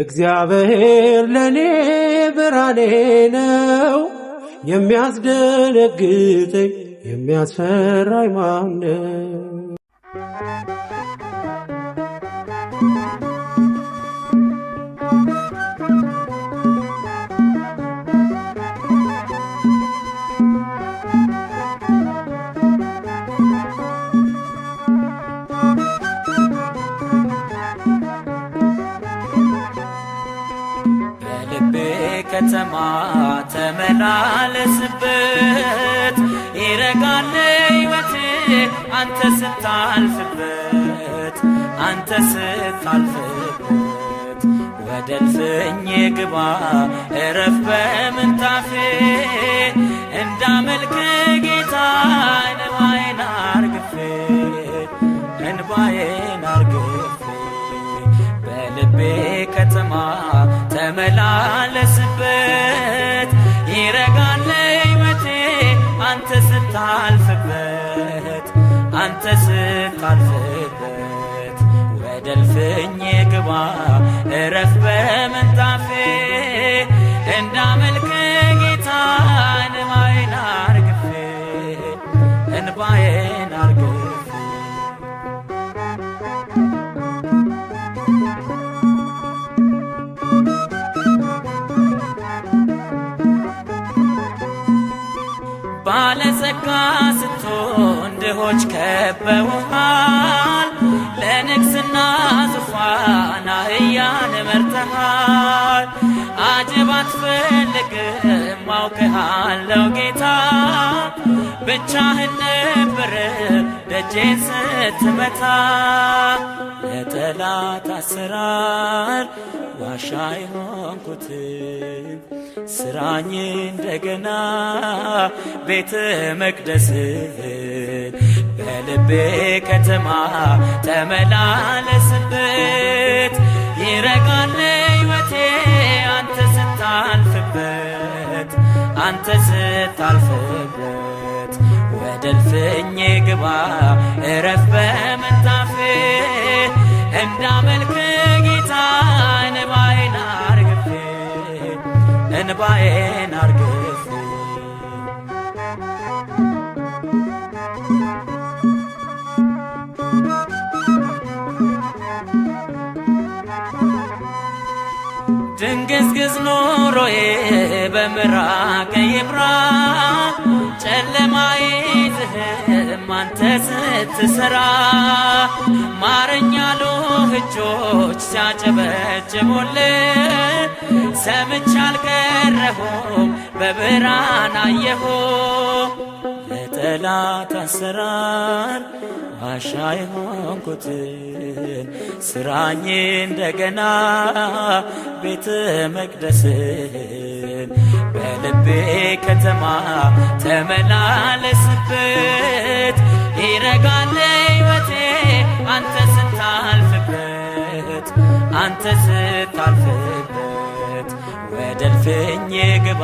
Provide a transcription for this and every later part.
እግዚአብሔር ለኔ ብርሃኔ ነው፣ የሚያስደነግጠኝ የሚያስፈራኝ ማን ነው? ከተማ ተመላለስበት ይረጋል ሕይወት አንተ ስታልፍበት አንተ ስታልፍበት ወደ እልፍኝ ግባ እረፍ በምንታፌ እንዳመልክ ጌታ እንባዬን አርግፌ እንባዬን አርግፌ በልቤ ከተማ ተመላ አቅርብኝ ግባ እረፍ በምንጣፌ እንዳመልክ ጌታን እንባዬን አርግፌ እንባዬን አርግፌ ባለጸጋ ስትሆን ድሆች ከበውሃል ዙፋን አህያን መርተሃል። አጀብ አትፈልግም አውቅሃለው ጌታ ብቻህን ነበር ደጄን ስትመታ ለጠላት አሰራር ዋሻ የሆንኩት ስራኝ እንደገና ቤተ መቅደስን በልቤ ከተማ ተመላለስበት ይረጋል ሕይወቴ አንተ ስታልፍበት አንተ ስታልፍበት ወደ እልፍኜ ግባ እረፍ በመንታፌ እንዳመልክ ጌታ እንባዬን አርግፌ እንባዬ ግዝግዝ ኑሮዬ በምራቅ ይብራ ጨለማዬ ዝህም አንተ ስትሰራ ማረኛሉ እጆች ሲያጨበጭቡልህ ሰምቻ አልቀረሁም በብርሃን አየሁ ጠላት አሰራር ዋሻ የሆንኩትን ስራኝ እንደገና ቤተ መቅደስን በልቤ ከተማ ተመላለስበት ይረጋል ሕይወቴ አንተ ስታልፍበት አንተ ስታልፍበት ወደ እልፍኝ ግባ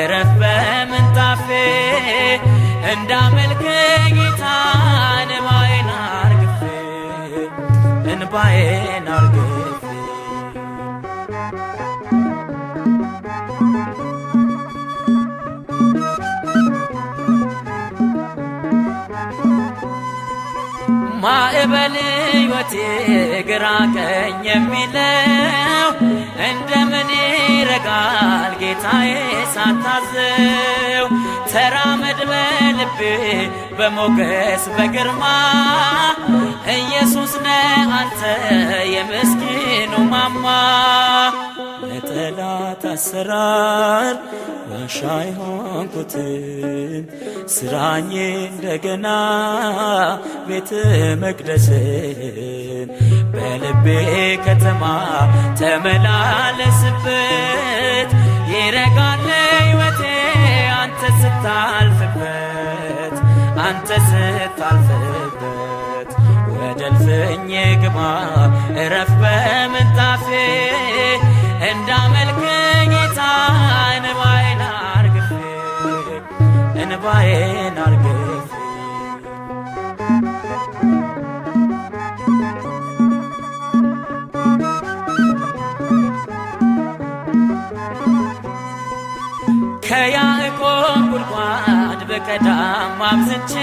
እረፍ በምንጣፌ እንዳመልክ ጌታን እንባዬን አርግፌ እንባዬን አርግፌ ሕይወቴ ግራ ቀኝ የሚለው እንደምን ይረጋል ጌታዬ ሳታዘው ተራመድ በልቤ በሞገስ በግርማ ኢየሱስ ነህ አንተ የምስኪኑ ማማ ለጠላት አሰራር ዋሻ የሆንኩትን ስራኝ እንደገና ቤተ መቅደስን በልቤ ከተማ ተመላለስበት ይረጋል ሕይወቴ አንተ ስታልፍበት አንተ ስታልፍበት ወደ እልፍኝ ግባ እረፍ በምንጣፌ ተስፋዬን አልገፍ ከያዕቆብ ጉድጓድ በቀዳም አብዝቼ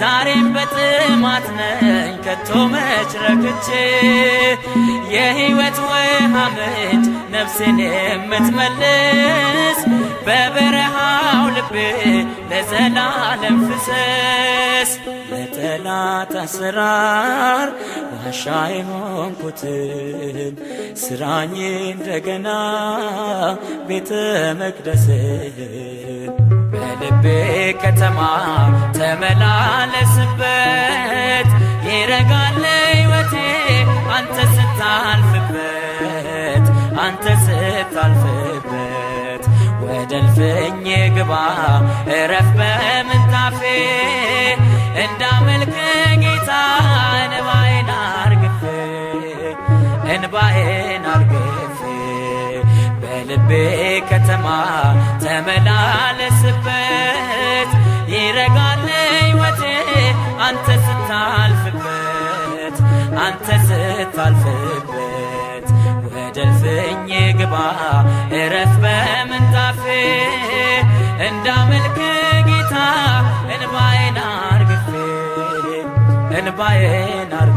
ዛሬም በጥማት ነኝ ከቶ መች ረክቼ የሕይወት ውሃ ምንጭ ነፍሴን የምትመልስ በበረሃው ልቤ ለዘላለም ፍሰስ ለጠላት አሰራር ዋሻ የሆንኩትን ስራኝ እንደገና ቤተ መቅደስን በልቤ ከተማ ተመላለስበት የረጋለ ሕይወቴ አንተ ስታልፍበት አንተ አሳርፈኝ ግባ እረፍ በምንጣፌ እንዳመልክ ጌታ እንባዬን አርግፍ እንባዬን አርግፍ በልቤ ከተማ ተመላለስበት ይረጋል ሕይወቴ አንተ ስታልፍበት አንተ ሳልገባ እረፍ በምንጣፌ እንዳመልክ ጌታ እንባዬን አርግፌ እንባዬን